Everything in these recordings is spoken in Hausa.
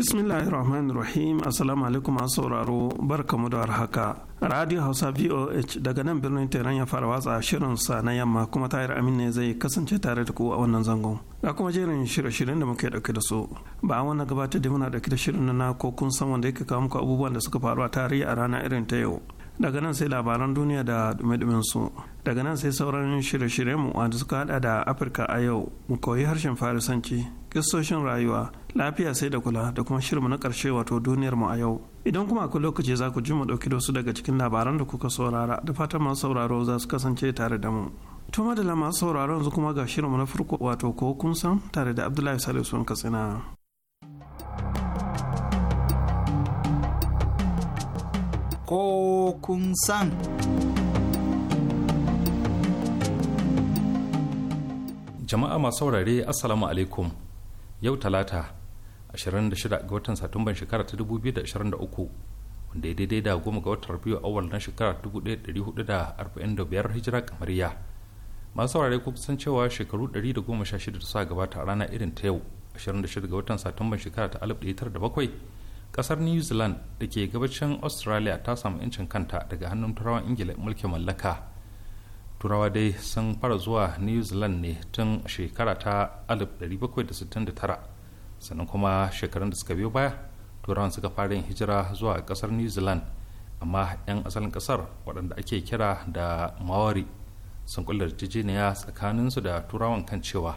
bismillahirrahmanirrahim rahim assalamu alaikum masu sauraro barkamu da haka. radio hausa voh daga nan birnin teran ya fara watsa shirin sa na yamma kuma tayar amin ne zai kasance tare da ku a wannan zangon ga kuma jerin shirye-shiryen da muke dauke da su ba an wannan gabatar da muna dauke da shirin na ko kun san wanda yake kawo muku abubuwan da suka faru a tarihi a rana irin ta yau daga nan sai labaran duniya da dume su daga nan sai sauran shirye-shiryen mu wanda suka hada da afirka a yau mu koyi harshen farisanci kistoshin rayuwa lafiya sai da kula da kuma shirinmu na ƙarshe wato duniyar mu a yau idan kuma akwai lokaci za ku ji mu ɗauki wasu daga cikin labaran da kuka saurara da fatan masu sauraro za su kasance tare da mu to madalla masu sauraro yanzu kuma ga shirinmu na farko wato ko kun san tare da abdullahi salisu katsina ko kun san jama'a masu saurare assalamu alaikum yau talata 26 ga watan satumban shekara ta 2023 wanda ya daidai da goma ga watan biyu awal na shekara 1445 hijira kamariya masu saurare ko kusan cewa shekaru 116 da suka gabata a rana irin ta yau 26 ga watan satumban shekara ta 1907 kasar new zealand da ke gabacin australia ta samu 'yancin kanta daga hannun turawan ingila mulkin mallaka turawa dai sun fara zuwa new zealand ne tun shekara ta 1769 sannan kuma shekarun da suka biyo baya turawan suka fara yin hijira zuwa kasar new zealand amma 'yan asalin kasar waɗanda ake kira da maori sun kulla tsakanin tsakaninsu da turawan kan cewa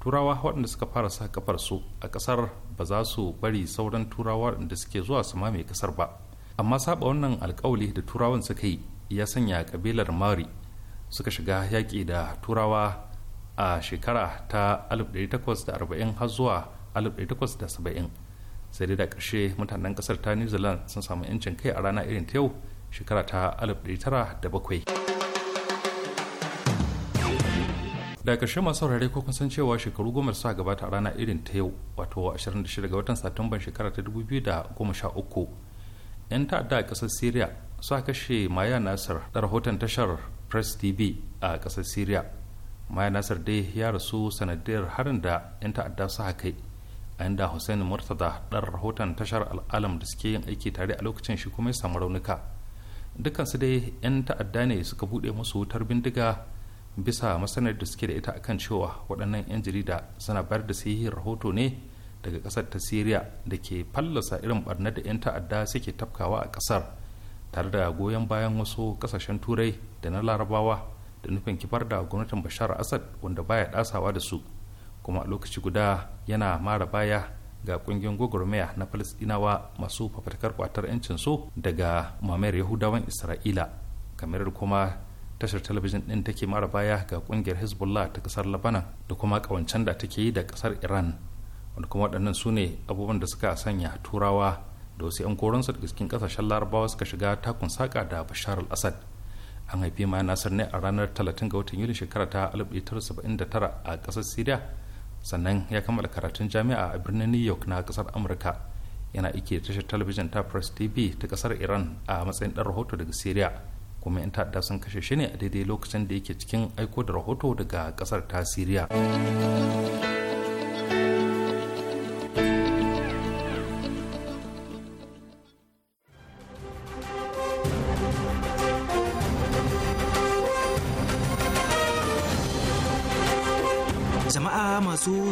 turawa waɗanda suka fara sa kafar su a kasar ba za su bari sauran turawa waɗanda suke zuwa su mamaye kasar ba amma saba wannan alkawali da turawan suka yi ya sanya kabilar maori suka shiga yaƙi da turawa a shekara ta 1840 har zuwa 1870 sai dai da ƙarshe mutanen ƙasar ta new zealand sun samu 'yancin kai a rana irin ta yau shekara ta 1907 da ƙarshe masu saurare ko kun san cewa shekaru goma sa gabata a rana irin ta yau wato 26 ga watan satumban shekara ta 2013 'yan ta'adda a ƙasar syria su kashe maya nasir da rahoton tashar press tv a ƙasar syria maya nasir dai ya rasu sanadiyar harin da 'yan ta'adda su kai a inda hussein murtada ɗan rahoton tashar al'alam da suke yin aiki tare a lokacin shi kuma ya samu raunuka dukansu dai 'yan ta'adda ne suka buɗe musu wutar bindiga bisa masanar da suke da ita akan cewa waɗannan 'yan jarida suna bayar da sahihi rahoto ne daga ƙasar ta syria da ke fallasa irin barnar da 'yan ta'adda suke tafkawa a ƙasar tare da goyon bayan wasu ƙasashen turai da na larabawa da nufin kifar da gwamnatin bashar asad wanda baya ɗasawa da su kuma a lokaci guda yana mara baya ga kungiyar gwagwarmaya na falisdinawa masu fafatakar kwatar 'yancin su daga mamayar yahudawan isra'ila kamar kuma tashar talabijin din take mara baya ga kungiyar hezbollah ta kasar labanan da kuma kawancen da take yi da kasar iran wanda kuma waɗannan su ne abubuwan da suka sanya turawa da wasu 'yan koransu daga cikin kasashen larabawa suka shiga takun saka da bashar al-assad an haifi ma nasar ne a ranar 30 ga watan yuli shekara ta 1979 a kasar syria sannan ya kammala karatun jami'a a birnin new york na kasar amurka yana ike tashar talabijin ta press tv ta kasar iran a matsayin dan rahoto daga syria kuma yan ta'adda sun kashe shi ne a daidai lokacin da yake cikin aiko da rahoto daga kasar ta syria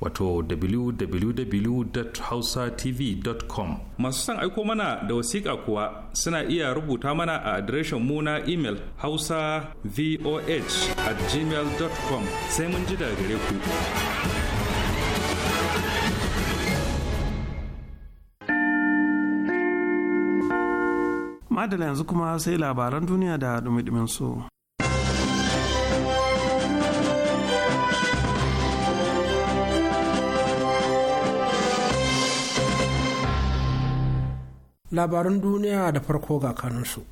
wato www.hausatv.com masu son aiko mana da wasiƙa kuwa suna iya rubuta mana a adireshin mu na imel hausa voh at gmail.com sai mun ji daga gare ku madala yanzu kuma sai labaran duniya da dumi su. labaran duniya da farko ga kanunsu.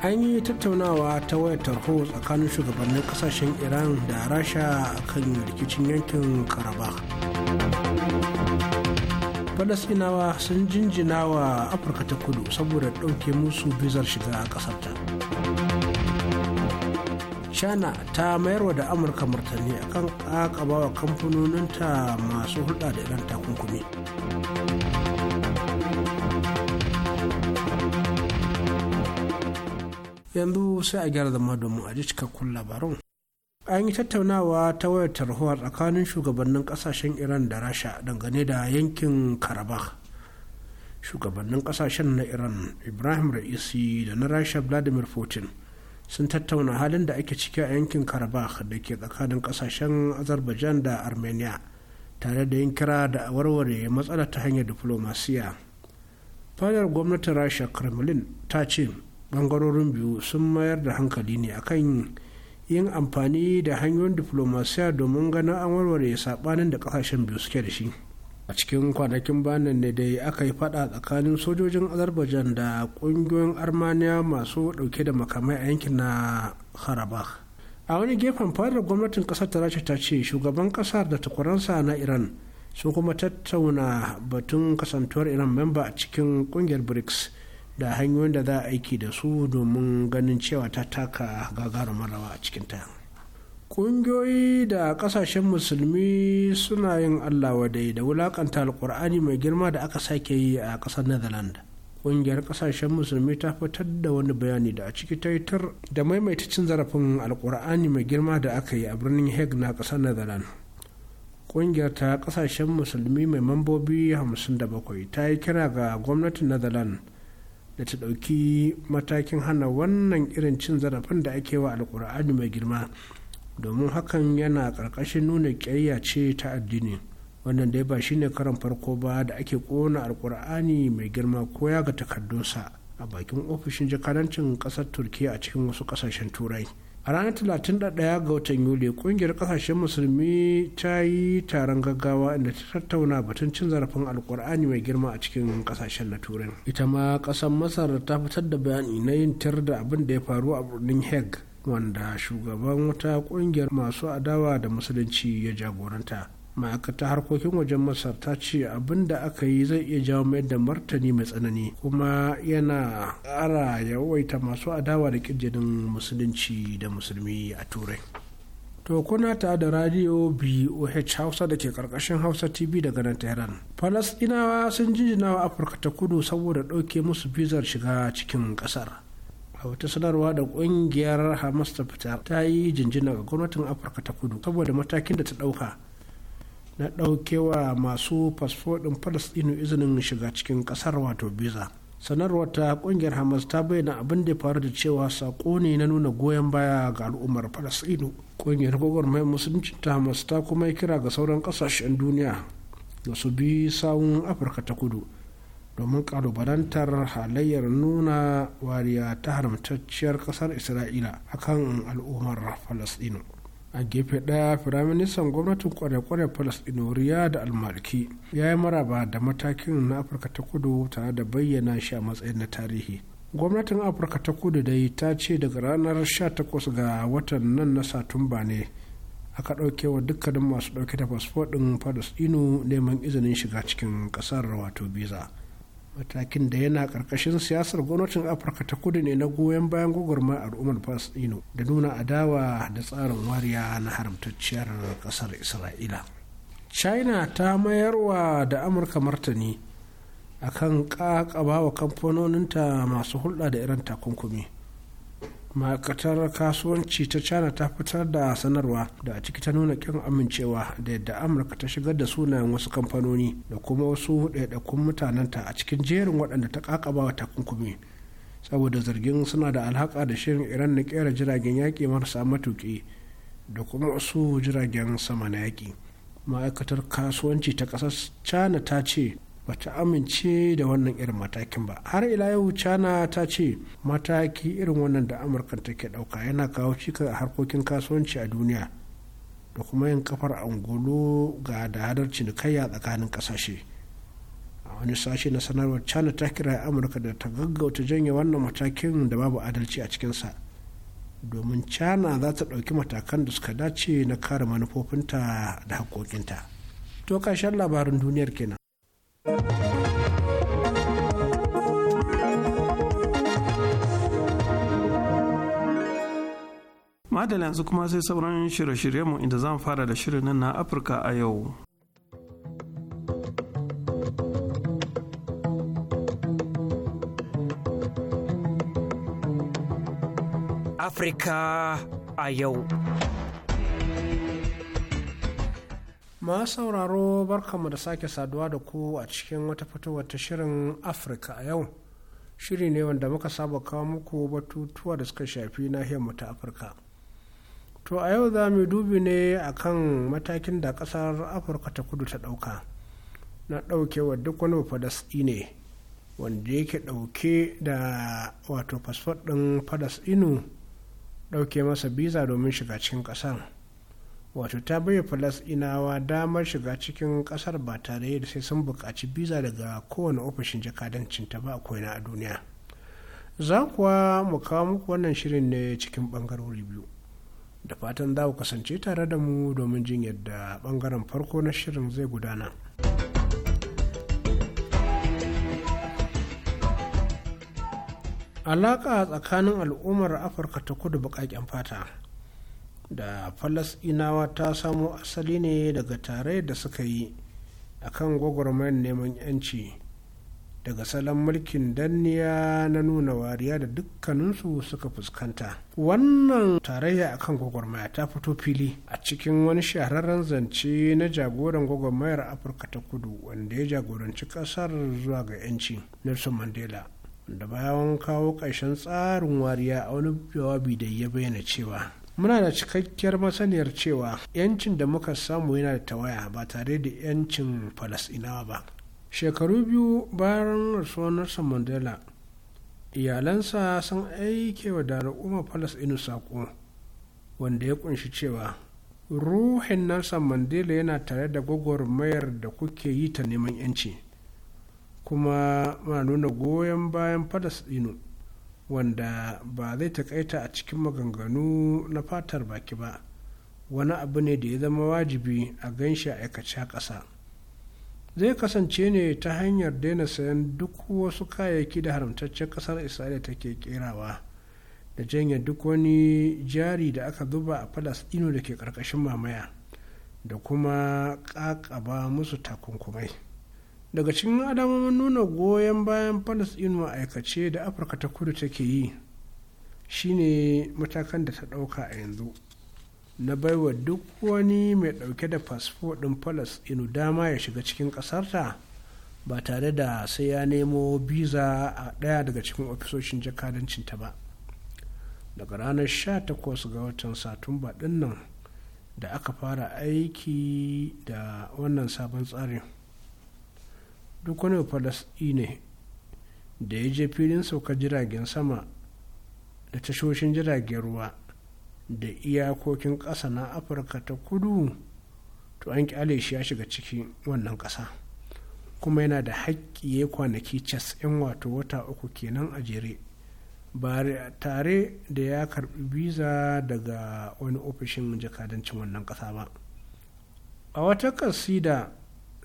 an yi tattaunawa ta wayar tarho tsakanin shugabannin kasashen iran da rasha kan rikicin yankin karabakh falasinawa sun jinjina wa afirka ta kudu saboda ɗauke musu bizar shiga a ƙasarta. china ta mayarwa da amurka martani akan kakabawa kamfanoninta masu hulɗa da iran takunkumi yanzu sai a gyara zama domin a ji cikakkun labarun an yi tattaunawa ta wayar tarhuwa tsakanin shugabannin kasashen iran da rasha dangane da yankin karabakh shugabannin kasashen na iran ibrahim ra'isi da na rasha vladimir putin sun tattauna halin da ake ciki a yankin karabakh da ke tsakanin kasashen azerbaijan da armenia tare da yin kira da warware matsala ta hanyar diflomasiya fadar gwamnatin rasha kremlin ta ce bangarorin biyu sun mayar da hankali ne akan yin amfani da hanyoyin diflomasiya domin ganin an warware saɓanin da kasashen biyu suke da shi a cikin kwanakin banan ne dai aka yi fada tsakanin sojojin azerbaijan da kungiyoyin armenia masu dauke da makamai a yankin na harabakh a wani gefen fadar gwamnatin kasar ta rasha ta ce shugaban kasar da takwaransa na iran sun kuma tattauna batun kasantuwar iran memba a cikin kungiyar brics da hanyoyin da za a aiki da su domin ganin cewa ta taka gagarumar rawa a cikin tayan. ƙungiyoyi da ƙasashen musulmi suna yin allah wadai da wulakanta alkur'ani mai girma da aka sake yi a ƙasar netherlands ƙungiyar ƙasashen musulmi ta fitar da wani bayani da a ciki ta da maimaita cin zarafin alkur'ani mai girma da aka yi a birnin hague na kasar netherlands ƙungiyar ta ƙasashen musulmi mai mambobi 57 ta yi kira ga gwamnatin netherlands da ta dauki matakin hana wannan irin cin zarafin da ake wa alkur'ani mai girma domin hakan yana ƙarƙashin nuna ƙyayya ce ta addini wannan dai ba shine karan farko ba da ake kona alkur'ani mai girma ko ya ga takardunsa a bakin ofishin jakadancin ƙasar turki a cikin wasu ƙasashen turai a ranar 31 ga watan yuli ƙungiyar ƙasashen musulmi ta yi taron gaggawa inda ta tattauna batun cin zarafin alkur'ani mai girma a cikin ƙasashen na turai ita ma ƙasar masar ta fitar da bayani na yin tar da abin da ya faru a birnin hague wanda shugaban wata kungiyar masu adawa da musulunci ya jagoranta ma'aikata harkokin wajen masar ta ce abin da aka yi zai iya jawo mai da martani mai tsanani kuma yana ƙara yawaita masu adawa da kirjinin musulunci da musulmi a turai to kuna ta da radio boh hausa da ke karkashin hausa tv daga nan tehran falasɗinawa sun jinjina wa afirka ta kudu saboda ɗauke musu bizar shiga cikin ƙasar a wata sanarwa da kungiyar hamas ta fita ta yi jinjina ga gwamnatin afirka ta kudu saboda matakin da ta dauka na daukewa masu fasfo din izinin shiga cikin kasar wato biza sanarwar ta kungiyar hamas ta bayyana abin da ya faru da cewa sako ne na nuna goyon baya ga al'ummar falasɗinu kungiyar gwagwarmayar musulunci ta hamas ta kuma kira ga sauran kasashen duniya da su bi sawun afirka ta kudu domin kalubalantar halayyar nuna wariya ta haramtacciyar kasar isra'ila akan al'ummar falasdino a gefe ɗaya firaministan gwamnatin kware-kware falasdino riya da almaliki ya yi maraba da matakin na afirka ta kudu tare da bayyana shi a matsayin na tarihi gwamnatin afirka ta kudu dai ta ce daga ranar 18 ga watan nan na satumba ne aka ɗauke wa dukkanin masu ɗauke da fasfo ɗin falasdino neman izinin shiga cikin ƙasar wato biza matakin da yana ƙarƙashin siyasar gwamnatin afirka ta kudu ne na goyon bayan gwagwarma al'ummar falasɗino da nuna adawa da tsarin wariya na haramtacciyar ƙasar isra'ila china ta mayarwa da amurka martani akan ƙaƙaba wa kamfanoninta masu hulɗa da irin takunkumi ma'aikatar kasuwanci ta china ta fitar da sanarwa da a ciki ta nuna kin amincewa da yadda amurka ta shigar da sunayen wasu kamfanoni da kuma wasu ɗaiɗaikun mutanenta a cikin jerin waɗanda ta kakaba wa takunkumi saboda zargin suna da alhaka da shirin iran na kera jiragen yaƙi marasa matuƙi da kuma wasu jiragen sama na yaƙi ma'aikatar kasuwanci ta ƙasar china ta ce bata amince da wannan irin matakin ba har ila yau china ta ce mataki irin wannan da amurka take dauka yana kawo cika a harkokin kasuwanci a duniya da kuma yin kafar angolo ga da hadar cinikayya tsakanin kasashe a wani sashe na sanarwar china ta kira amurka da ta gaggauta janye wannan matakin da babu adalci a cikinsa domin china za ta ɗauki matakan da suka dace na kare manufofinta da haƙoƙinta to ƙarshen labarin duniyar kenan madala yanzu kuma sai sauran shirye mu inda zan fara da shirin nan na afirka a yau afirka a yau ma sauraro barkamu da sake saduwa da ku a cikin wata fitowar ta shirin afirka a yau shiri ne wanda muka saba kawo muku batutuwa da suka shafi nahiyarmu ta afirka to a yau za mu dubi ne akan matakin da ƙasar afirka ta kudu ta ɗauka, na wa duk wani fadas ne wanda yake ɗauke da wato fasfot din fadas inu dauke masa biza domin shiga cikin kasar wato ta bai inawa damar shiga cikin ƙasar ba tare da sai sun buƙaci biza daga kowane ofishin jakadancin ta ba akwai na a duniya za kuwa mu kawo muku wannan shirin ne cikin bangarori biyu da fatan za ku kasance tare da mu domin jin yadda ɓangaren farko na shirin zai gudana. alaƙa tsakanin al'ummar afirka ta kudu baƙaƙen fata da falasinawa ta samo asali ne daga tare da suka yi a kan gwagwarmayar neman 'yanci daga salon mulkin danniya na nuna wariya da dukkaninsu suka fuskanta wannan tarayya a kan gwagwarmaya ta fito fili a cikin wani shahararren zance na jagoran gwagwarmayar afirka ta kudu wanda ya jagoranci kasar zuwa ga 'yanci nelson mandela da bayan kawo ƙarshen tsarin wariya a wani jawabi da ya bayyana cewa muna da cikakkiyar masaniyar cewa 'yancin da muka samu yana da tawaya ba tare da 'yancin falasinawa ba shekaru biyu bayan rasuwar nelson mandela iyalansa sun aike wa da al'ummar falasɗinu saƙo wanda ya kunshi cewa ruhin nelson mandela yana tare da gwagwarmayar da kuke yi ta neman 'yanci kuma ma nuna goyon bayan falasɗinu wanda ba zai takaita a cikin maganganu na fatar baki ba wani abu ne da ya zama wajibi a ganshi aikace a ƙasa zai kasance ne ta hanyar daina sayan duk wasu kayayyaki da haramtaccen ƙasar isra'ila take kerawa da janye duk wani jari da aka zuba a falasɗino da ke ƙarƙashin mamaya da kuma ƙaƙaba musu takunkumai daga cikin alamomin nuna goyon bayan palestino ma'aikace da afirka ta kudu take yi shine matakan da ta ɗauka a yanzu na baiwa duk wani mai ɗauke da fasfo ɗin inu dama ya shiga cikin ƙasarta ba tare da sai ya nemo biza a ɗaya daga cikin ofisoshin jakadancin ta ba daga ranar 18 ga watan satumba ɗin nan da aka fara aiki da wannan sabon tsarin duk wani ne da ya je filin saukar jiragen sama da tashoshin jiragen ruwa da iyakokin ƙasa na afirka ta kudu to an kyale shi ya shiga cikin wannan ƙasa kuma yana da haƙƙi ya kwanaki cas 'yan wato wata uku kenan a jere ba tare da ya karɓi biza daga wani ofishin jakadancin wannan ƙasa ba a wata kasida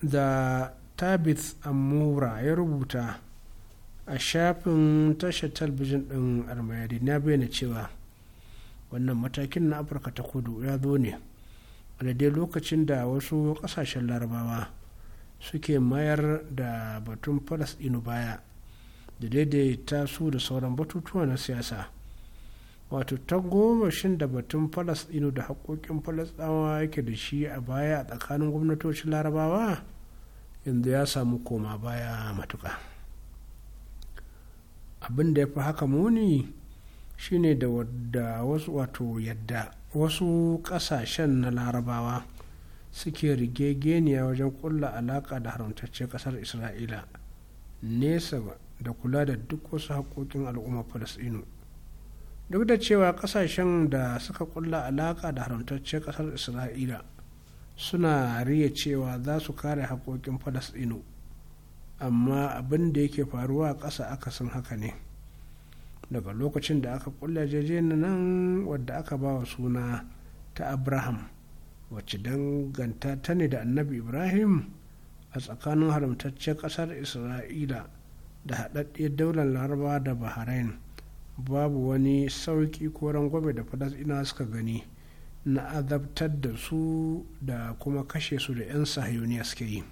da tabith amura ya rubuta a shafin tashar talbijin ɗin almayari na bayyana cewa wannan matakin na afirka ta kudu ya zo ne a daidai lokacin da wasu kasashen larabawa suke mayar da batun falasɗinu baya da daidaita su da sauran batutuwa na siyasa wato ta goma shin da batun falasɗinu da haƙoƙin falasɗawa yake da shi a baya a tsakanin gwamnatocin larabawa yanzu ya samu koma baya matuka abin da ya fi haka muni shine da wadda wasu wato yadda wasu ƙasashen na larabawa suke rige geniya wajen kulla alaƙa da haramtacce ƙasar isra'ila nesa da kula da duk wasu haƙoƙin al'ummar falasɗinu duk da cewa ƙasashen da suka kulla alaƙa da haramtacce ƙasar isra'ila suna riya cewa za su kare haƙoƙin falasɗinu amma abin da yake faruwa a ƙasa akasin haka ne daga lokacin da aka kulle jejena nan wadda aka ba wa suna ta abraham wacce danganta ta ne da annabi ibrahim a tsakanin haramtaccen ƙasar isra'ila da haɗaɗɗiyar daular laraba da bahrain babu wani sauƙi ko rangwame da falasɗina suka gani na azabtar da su da kuma kashe su da 'yan sahiyoniya suke yi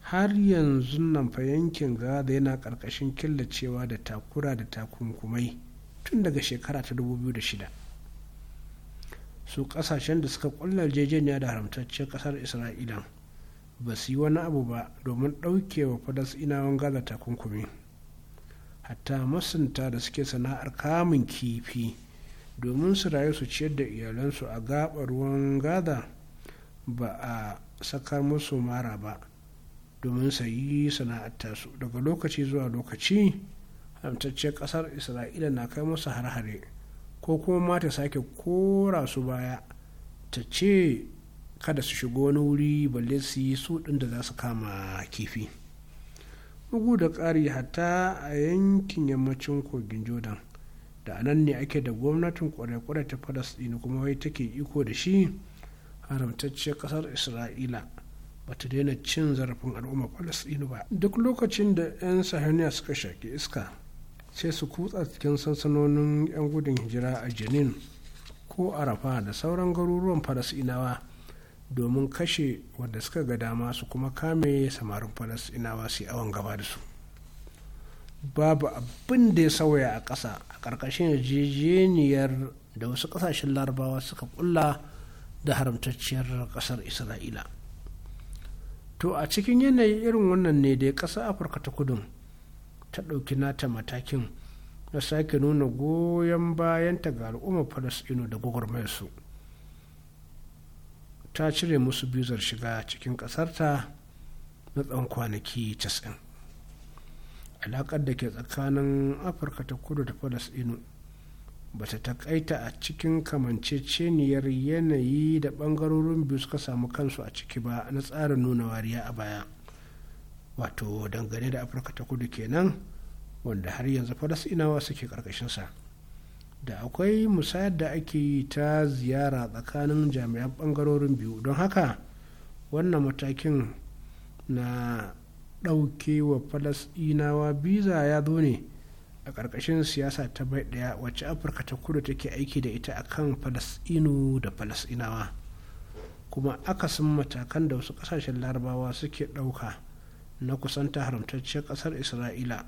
har yanzu nan fa yankin gaza yana ƙarƙashin killacewa da takura da takunkumai tun daga shekara ta 2006 su ƙasashen da suka ƙulla yarjejeniya da haramtaccen ƙasar isra'ila ba su yi wani abu ba domin ɗaukewa inawan gaza takunkumi hatta masunta da suke sana'ar kamun kifi domin su rayu su ciyar da iyalansu a gaɓar ruwan gada ba a sakar musu mara ba domin sayi sana'ar su daga lokaci zuwa lokaci hamtacciyar ƙasar isra'ila na kai musu har-hare ko kuma mata ta sake kora su baya ta ce kada su shigo wani wuri balle su yi su ɗin da za su kama kifi bugu da ƙari hatta a yankin yammacin kogin jordan da anan ne ake da gwamnatin kwarai-kwarai ta falasɗinu kuma wai take iko da shi haramtacciyar ƙasar isra'ila ba ta daina cin zarafin al'umma falasɗinu ba duk lokacin da 'yan sahaniya suka shaki iska sai su kutsa cikin sansanonin 'yan gudun hijira a jenin ko arafa da sauran garuruwan falasɗinawa domin kashe wadda suka ga dama su kuma kame samarin falasɗinawa su yi awon gaba da su babu abin da ya sauya a ƙasa ƙarƙashin yarjejeniyar da wasu ƙasashen larabawa suka kulla da haramtacciyar ƙasar isra'ila to a cikin yanayi irin wannan ne da ƙasar afirka ta kudu ta ɗauki nata matakin na sake nuna goyon bayanta ga al'ummar falasɗinu da gwagwarmayarsu ta cire musu bizar shiga cikin ƙasarta na tsawon kwanaki casa'in alaƙar da ke tsakanin afirka ta kudu da falasɗinu ba ta takaita a cikin kamanceceniyar yanayi da ɓangarorin biyu suka samu kansu a ciki ba na tsarin nuna wariya a baya wato dangane da afirka ta kudu kenan wanda har yanzu falasɗinawa suke ƙarƙashinsa da akwai musayar da ake yi ta ziyara tsakanin jami'an ɓangarorin biyu don haka wannan matakin na ɗauke wa falasɗinawa biza ya zo ne a ƙarƙashin siyasa ta bai ɗaya wacce afirka ta kudu take aiki da ita akan falasɗinu da falasɗinawa kuma akasin matakan da wasu ƙasashen larabawa suke ɗauka na kusanta haramtacciyar ƙasar isra'ila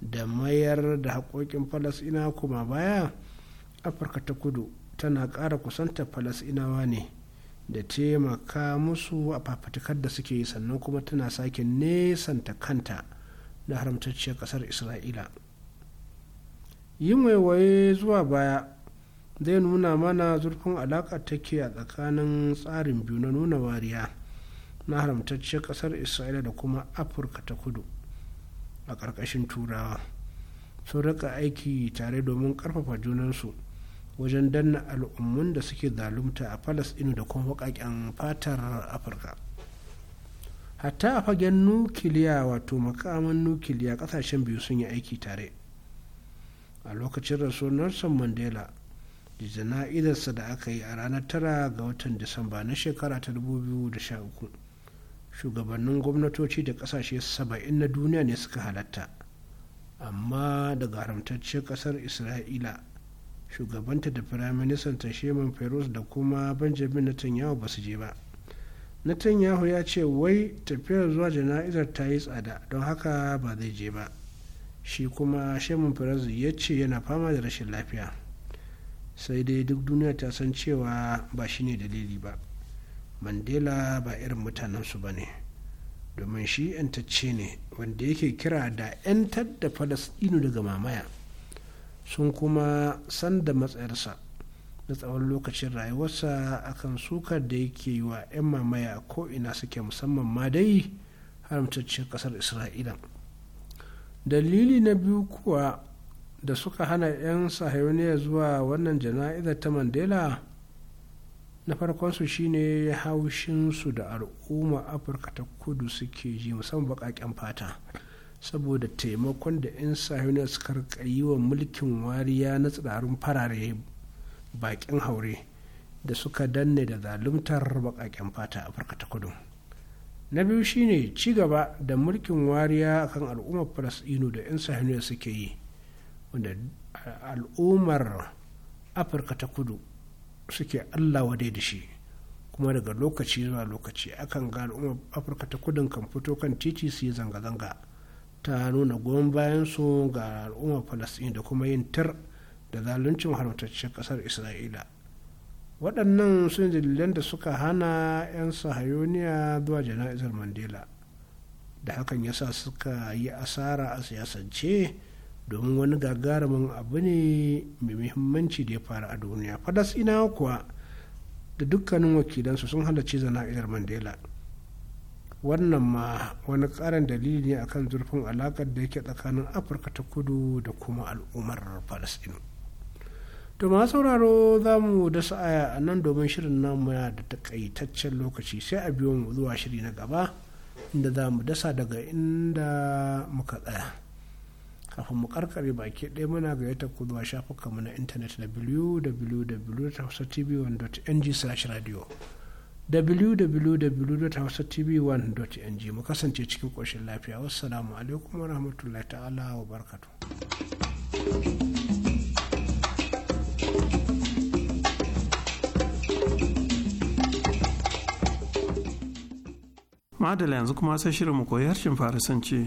da mayar da haƙoƙin falasɗinawa kuma baya afirka ta kudu tana ƙara kusanta falasɗinawa ne da taimaka musu a fafatukar da suke yi sannan kuma tana sake nesanta kanta da haramtacciyar kasar isra'ila yin waiwaye zuwa baya zai nuna mana zurfin alaƙa take a tsakanin tsarin biyu na nuna wariya na haramtacciyar kasar isra'ila da kuma afirka ta kudu a ƙarƙashin turawa sun rika aiki tare domin ƙarfafa junansu wajen danna al'ummun da suke zalunta a falasɗinu da kuma waƙaƙen fatar afirka hatta a fagen nukiliya wato makaman nukiliya ƙasashen biyu sun yi aiki tare a lokacin rasuwar nelson mandela da jana'izarsa da aka yi a ranar tara ga watan disamba na shekara ta 2013 shugabannin gwamnatoci da ƙasashe 70 na duniya ne suka halatta amma daga haramtacciyar ƙasar isra'ila shugabanta da firaministan ta sheman feroz da kuma benjamin netanyahu ba su je ba netanyahu ya ce wai tafiyar zuwa jana'izar ta yi tsada don haka ba zai je ba shi kuma sheman feroz ya ce yana fama da rashin lafiya sai dai duk duniya ta san cewa ba shi ne dalili ba mandela ba irin mutanensu ba ne domin shi 'yantacce ne wanda yake kira da 'yantar da falasɗinu daga mamaya sun kuma sanda matsayarsa na tsawon lokacin rayuwarsa akan sukar da yake yi wa 'yan mamaya ko'ina suke musamman ma dai haramtaccen kasar isra'ila dalili na biyu kuwa da suka hana 'yan sahiyoniya zuwa wannan jana'izar ta mandela na farkonsu shine haushinsu da al'umma afirka ta kudu suke ji musamman baƙaƙen fata saboda taimakon da 'yan sahiyoniya suka rika yi wa mulkin wariya na tsirarun farare bakin haure da suka danne da zaluntar baƙaƙen fata a afirka ta kudu na biyu shine ci gaba da mulkin wariya akan al'ummar falasɗinu da 'yan sahiyoniya suke yi wanda al'ummar afirka ta kudu suke allah wadai da shi kuma daga lokaci zuwa lokaci akan ga al'ummar afirka ta kudun kan fito kan titi su yi zanga-zanga ta nuna goyon bayan su ga al'ummar falasɗin da kuma yin tar da zaluncin haramtacciyar ƙasar isra'ila waɗannan sun dalilan da suka hana 'yan sahayoniya zuwa jana'izar mandela da hakan sa suka yi asara a siyasance domin wani gagarumin abu ne mai muhimmanci da ya faru a duniya falasɗinawa kuwa da dukkanin wakilansu sun halarci jana'izar mandela wannan ma wani karin dalili ne akan zurfin alakar da yake tsakanin afirka ta kudu da kuma al'ummar falasɗinu to ma sauraro za mu dasa aya a nan domin shirin namu muna da takaitaccen lokaci sai a biyo mu zuwa shiri na gaba inda za mu dasa daga inda muka tsaya kafin mu karkare baki ɗaya muna gayyata ku zuwa shafukanmu na intanet wwwtv 1ng radio www.hausatv1.ng mu kasance cikin ƙoshin lafiya wassalamu alaikum wa rahmatullahi ta'ala wa barkatu. madala yanzu kuma sai shirin mu koyi harshen farisanci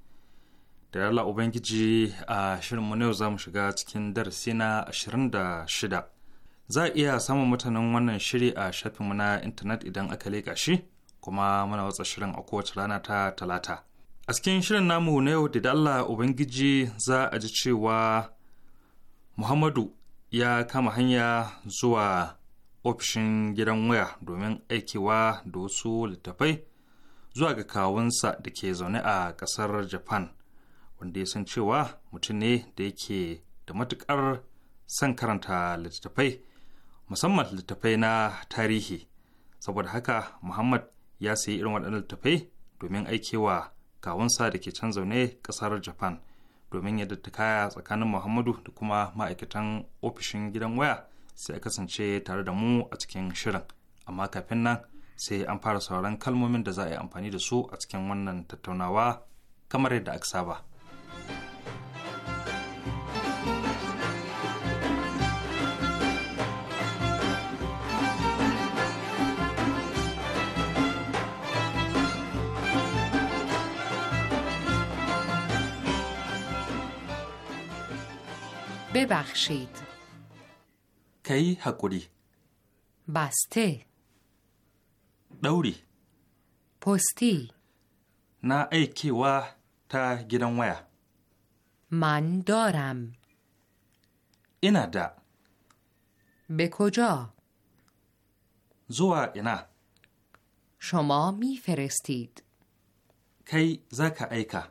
da Allah Ubangiji a shirinmu na yau za mu shiga cikin darasi na 26. Za a iya samun mutanen wannan shiri a shafinmu na intanet idan aka leka shi, kuma muna watsa shirin a kowace rana ta talata. A cikin shirin namu na yau da Allah Ubangiji za a ji cewa Muhammadu ya kama hanya zuwa ofishin gidan waya domin aikewa da wasu littafai zuwa ga kawunsa da ke zaune a ƙasar Japan. wanda ya san cewa mutum ne da yake da matukar son karanta littattafai musamman littattafai na tarihi saboda haka muhammad ya sayi irin waɗannan littattafai domin aikewa kawunsa da ke can zaune ƙasar japan domin ta kaya tsakanin muhammadu da kuma ma'aikatan ofishin gidan waya sai a kasance tare da mu a cikin shirin amma kafin nan sai an fara sauran kalmomin da za a yi amfani da su a cikin wannan tattaunawa kamar yadda aka saba. ببخشید کی حکوری؟ بسته دوری پستی نه ایکی و تا گیرن من دارم اینا دا به کجا؟ زوا اینا شما می فرستید. کی زکا ایکا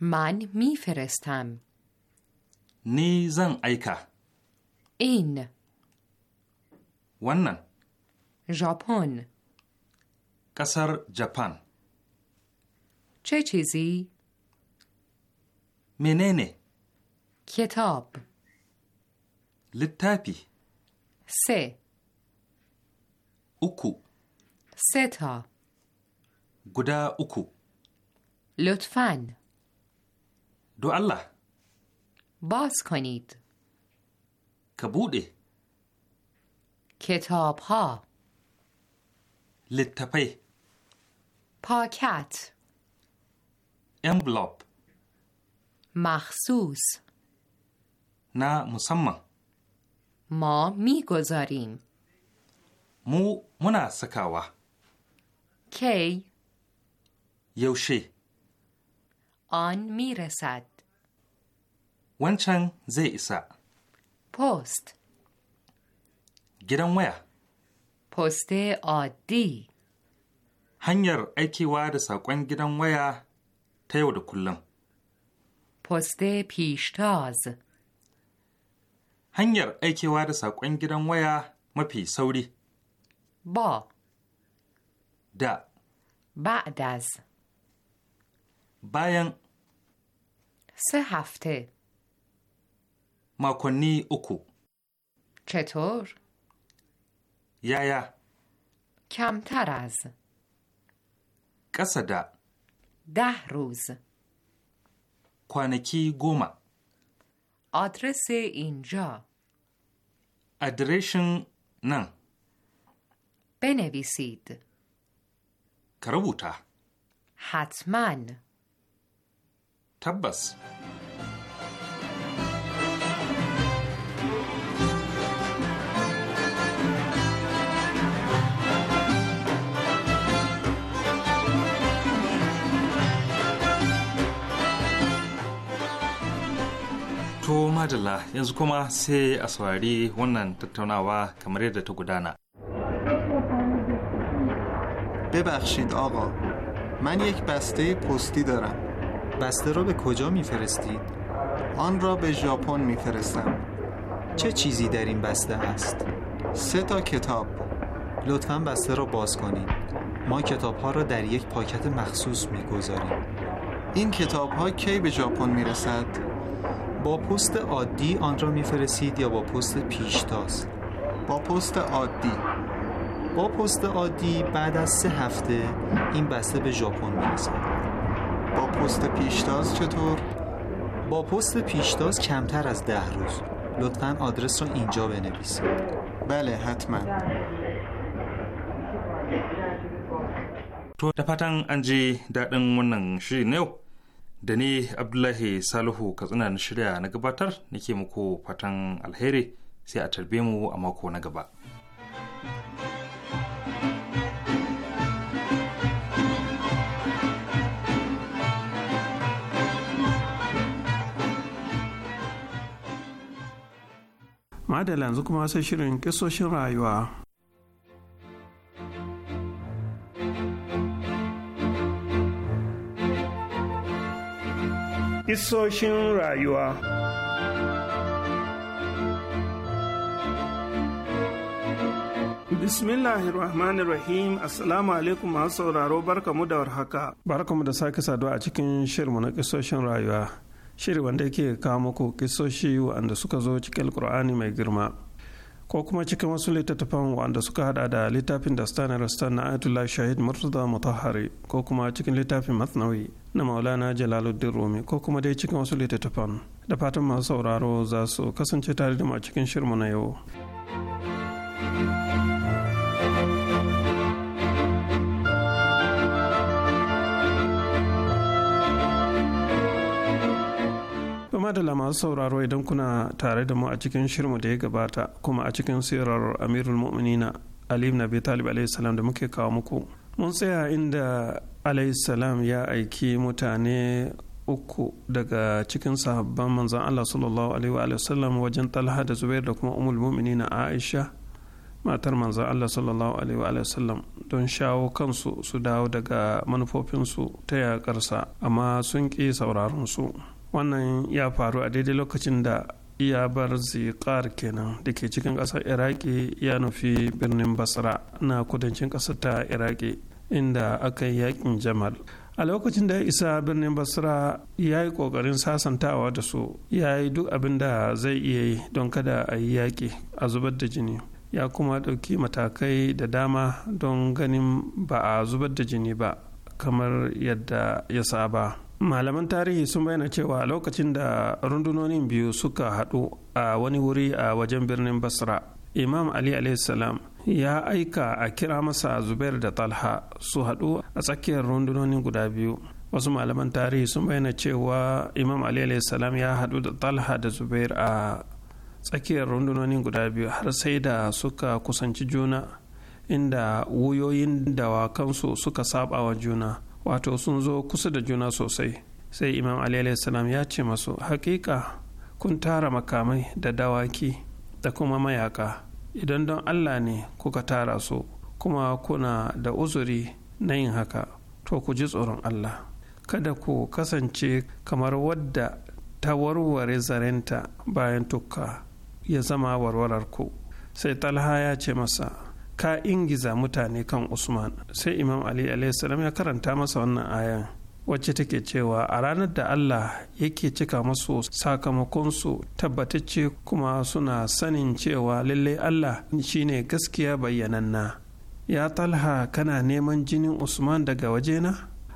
من فرستم. نی زن ایکا این ونن ژاپن قصر ژاپن چه چیزی؟ menene kitab littafi se uku seta guda uku lutfan do Allah bas ka buɗe kitab ha littafai Pocket. Envelope. مخصوص نه مسمم ما میگذاریم مو منا سکاوا کی یوشی آن میرسد ونچن زی ایسا پست گیرن ویا پست عادی hanyar aikewa da saƙon gidan waya ta yau da kullum. poste pishtaz. Hanyar aikewa da saƙon gidan waya mafi sauri. Ba. Da. Ba das. Bayan. Se hafte. Makonni uku. Cetur. Yaya. Kamtar Ƙasa da. Da ruz. kwanaki goma. Adrese inja. Adireshin nan. Benevisid. Ka rubuta. man. Tabbas. wannan ببخشید آقا من یک بسته پستی دارم بسته را به کجا میفرستید؟ آن را به ژاپن میفرستم چه چیزی در این بسته است؟ سه تا کتاب لطفا بسته را باز کنید ما کتاب ها را در یک پاکت مخصوص میگذاریم این کتاب ها کی به ژاپن میرسد؟ با پست عادی آن را میفرستید یا با پست پیشتاز با پست عادی با پست عادی بعد از سه هفته این بسته به ژاپن میرسد با پست پیشتاز چطور با پست پیشتاز کمتر از ده روز لطفا آدرس رو اینجا بنویسید بله حتما تو da انجی دادن منن شی da ni abdullahi salihu katsina na shirya na gabatar nake muku fatan alheri sai a tarbe mu a mako na gaba. madala yanzu kuma sai shirin kisoshin rayuwa Isoshin rayuwa Bismillahir Rahmanir Rahim Assalamu alaikum masu sauraro barkamu da warhaka. Barkamu da sake saduwa a cikin shirmu na kisoshin rayuwa. Shiri wanda yake kawo muku kisoshi wanda suka zo cikin Alkur'ani mai girma. ko kuma cikin wasu littattafan wanda suka hada da littafin da stan na ayatollah shahid murtaza mutahari ko kuma cikin littafin matsnawi na maulana jalaluddin rumi ko kuma dai cikin wasu littattafan da fatan masu sauraro za su kasance tare da mu a cikin shirmu na yau. da masu sauraro idan kuna tare da mu a cikin shirmu da ya gabata kuma a cikin sirar amirul mu'minina ali ibn abi talib alayhi salam da muke kawo muku mun tsaya inda alayhi salam ya aiki mutane uku daga cikin sahabban manzan Allah sallallahu alaihi wa sallam wajen talha da zubair da kuma umul mu'minina aisha matar manzan Allah sallallahu alaihi wa sallam don shawo kansu su dawo daga manufofinsu ta yakarsa amma sun ƙi sauraron su wannan ya faru a daidai lokacin da iya bar zikar kenan da ke cikin ƙasar iraki ya nufi birnin basra na kudancin ƙasar ta iraki inda aka yi yakin jamal a lokacin da ya isa birnin basra ya yi ƙoƙarin sasantawa da su ya yi duk abin da zai iya yi don kada a yi yaƙi a zubar da jini ya kuma ɗauki matakai da dama don ganin ba a zubar da jini ba kamar yadda ya saba malaman tarihi sun bayyana cewa lokacin da rundunonin biyu suka haɗu a wani wuri a wajen birnin basra imam ali salam ya aika a kira masa zubair da talha su haɗu a tsakiyar rundunonin guda biyu wasu malaman tarihi sun bayyana cewa imam ali salam ya haɗu da talha da zubair a tsakiyar rundunonin guda biyu har sai da suka kusanci juna inda wuyoyin dawakansu suka saba wa juna wato sun zo kusa da juna sosai sai imam ali salam ya ce masu hakika kun tara makamai da dawaki da kuma mayaka idan don allah ne kuka tara su kuma kuna da uzuri na yin haka to ku ji tsoron allah kada ku kasance kamar wadda ta warware zarenta bayan tukka ya zama warwarar sai talha ya ce masa ka ingiza mutane kan usman sai imam ali salam ya karanta masa wannan ayan wacce take cewa a ranar da allah yake cika masu sakamakonsu tabbatacce kuma suna sanin cewa lallai allah shine gaskiya bayyananna ya talha kana neman jinin usman daga wajena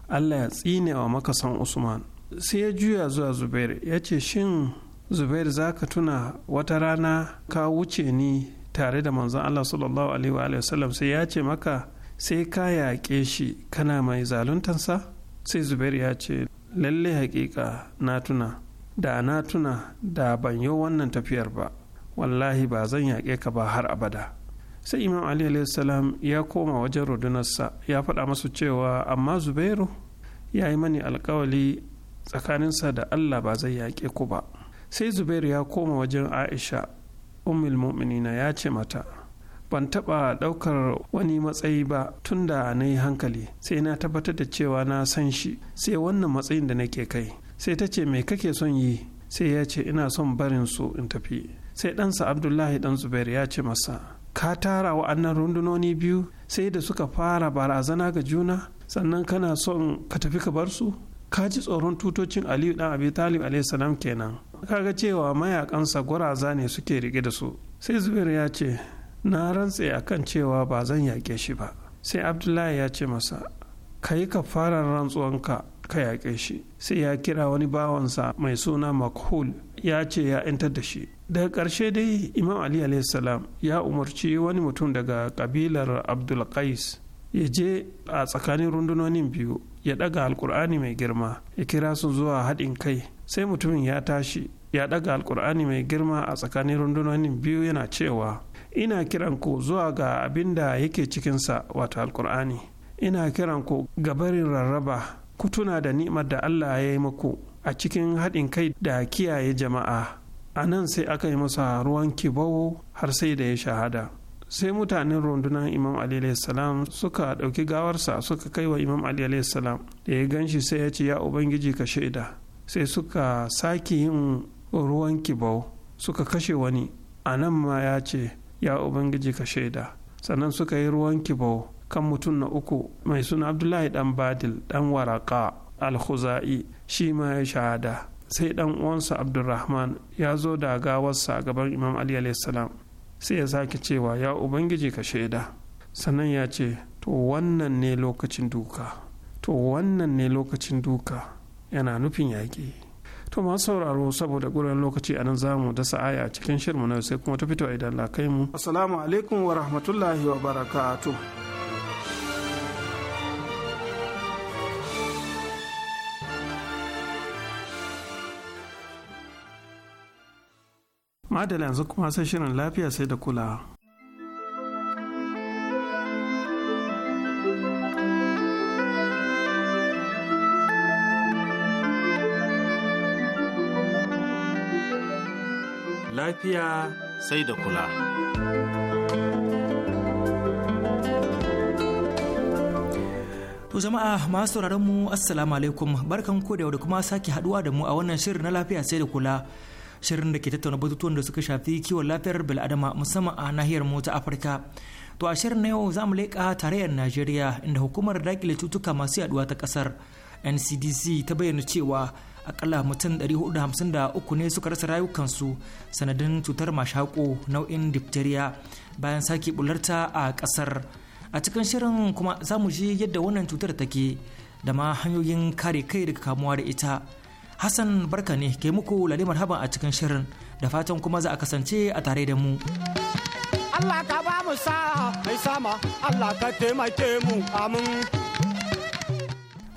allah ya tsine wa makasan usman sai ya juya zuwa zubair ya ce shin zubair za ka tuna wata rana ka wuce ni tare da manzon Allah sallallahu alaihi wa sallam sai ya ce maka sai ka yaƙe shi kana mai zaluntansa sai zubair ya ce lalle hakika na tuna da na tuna da ban yi wannan tafiyar ba wallahi ba zan yaƙe ka ba har abada sai imam ali salam ya koma wajen rudunarsa ya faɗa masu cewa amma zubairu ya yi mani alkawali tsakaninsa da allah ba zai yaƙe ku ba sai zubairu ya koma wajen aisha umul mu'minina ya ce mata ban taɓa ɗaukar wani matsayi ba tun da na yi hankali sai na tabbatar da cewa na san shi sai wannan matsayin da nake kai sai ta ce me kake son yi sai ya ce ina son barin su in tafi sai ɗansa abdullahi ɗan zubair ya ce masa ka tara wa'annan rundunoni biyu sai da suka fara barazana ga juna sannan kana son ka tafi ka bar su ka ji tsoron tutocin aliyu dan abi talib salam kenan kaga cewa mayakansa gwaraza ne suke rike da su sai zubair ya ce na rantse akan cewa ba zan yaƙe shi ba sai abdullahi ya ce masa ka yi kafarar rantsuwanka ka yaƙe shi sai ya kira wani bawansa mai suna makhul ya ce ya intar da shi daga ƙarshe dai imam ali salam ya umarci wani mutum daga kabilar abdulkais ya je a tsakanin rundunonin biyu ya ɗaga alkur'ani mai girma ya kira su zuwa haɗin kai sai mutumin ya tashi ya ɗaga alkur'ani mai girma a tsakanin rundunonin biyu yana cewa ina kiran ku zuwa ga abin da yake cikinsa wato alkur'ani ina kiran ku ga barin rarraba ku tuna da ni'mar da allah ya yi muku a cikin haɗin kai da kiyaye jama'a a nan sai aka yi masa ruwan kibau har sai da ya shahada sai mutanen rundunar imam ali salam suka ɗauki gawarsa suka kai wa imam ali salam da ya ganshi sai ya ce ya ubangiji ka shaida sai suka sake yin ruwan kibau suka kashe wani a nan ma ya ce ya ubangiji ka shaida sannan suka yi ruwan kibau kan mutum na uku mai suna abdullahi dan badil dan waraka alhuza'i shi ma ya shahada sai dan uwansa abdulrahman ya zo da gawarsa gaban imam ali salam sai ya sake cewa ya ubangiji ka shaida sannan ya ce to wannan ne lokacin duka to wannan ne lokacin duka yana nufin yaƙi to masu sauraro saboda ƙuran lokaci anan nan za mu dasa aya a cikin shirmu na sai kuma ta fito idan la kai mu assalamu alaikum wa rahmatullahi wa barakatuh madala yanzu kuma sai shirin lafiya sai da kula lafiya sai da kula To jama'a masu sauraron mu assalamu alaikum barkan ku da kuma sake haduwa da mu a wannan shirin na lafiya sai da kula shirin da ke tattauna batutuwan da suka shafi kiwon lafiyar bil'adama musamman a nahiyar mu ta afirka to a shirin na yau za mu leƙa tarayyar najeriya inda hukumar dakile cutuka masu yaduwa ta ƙasar ncdc ta bayyana cewa akalla mutum 453 ne suka rasa rayukansu sanadin cutar mashako nau'in diphtheria bayan sake bularta a ƙasar a cikin shirin kuma za mu ji yadda wannan cutar take da ma hanyoyin kare kai daga kamuwa da ita Hassan barka ne ke muku lalimar haban a cikin shirin da fatan kuma za a kasance a tare da mu. Allah ka ba mu sa'a mai sama Allah ka taimake mu amin.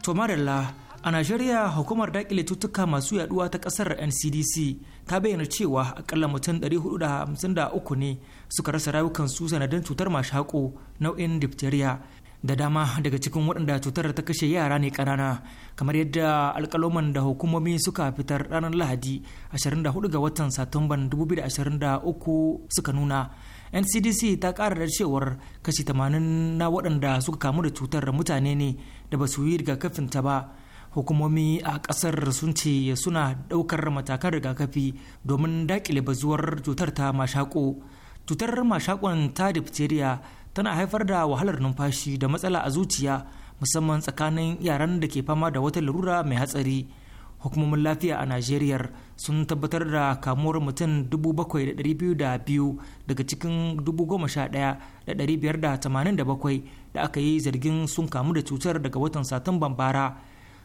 To a Najeriya hukumar dakile cutuka masu yaduwa ta kasar NCDC ta bayyana cewa akalla mutum 453 ne suka rasa rayukansu sanadin cutar mashako nau'in diphtheria da dama daga cikin waɗanda cutar ta kashe yara ne ƙanana kamar yadda alƙaloman da hukumomi suka fitar ranar lahadi 24 ga watan satumban 2023 suka nuna ncdc ta ƙara da cewar kashi 80 na waɗanda suka kamu da cutar mutane ne da ba su yi rigakafin ta ba hukumomi a ƙasar sun ce suna ɗaukar matakan rigakafi domin daƙile bazuwar cutar ta mashako cutar mashakon ta diphtheria tana haifar da wahalar numfashi da matsala a zuciya musamman tsakanin yaran da ke fama da wata larura mai hatsari hukumomin lafiya a najeriya sun tabbatar da kamuwar mutum 7,202 daga cikin 11,587 da aka yi zargin sun kamu da cutar daga watan satumban bara